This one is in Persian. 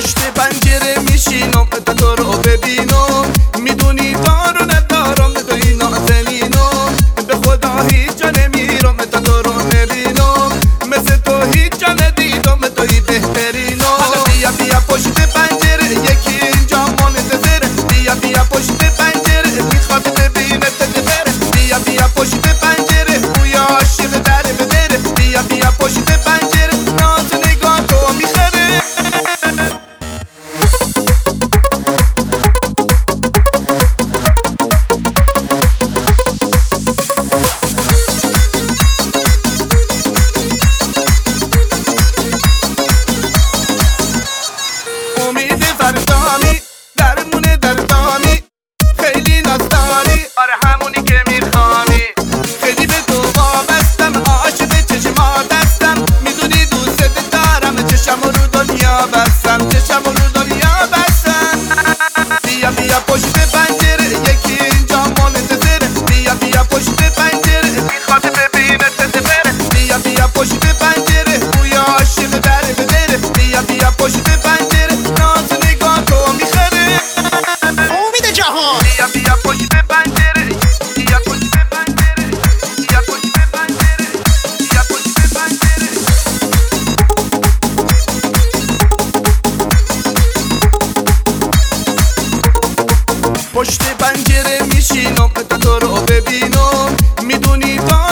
پشت پنجره میشینم تو رو ببینم میدونی پنجره میشینم که تو رو ببینم میدونی تا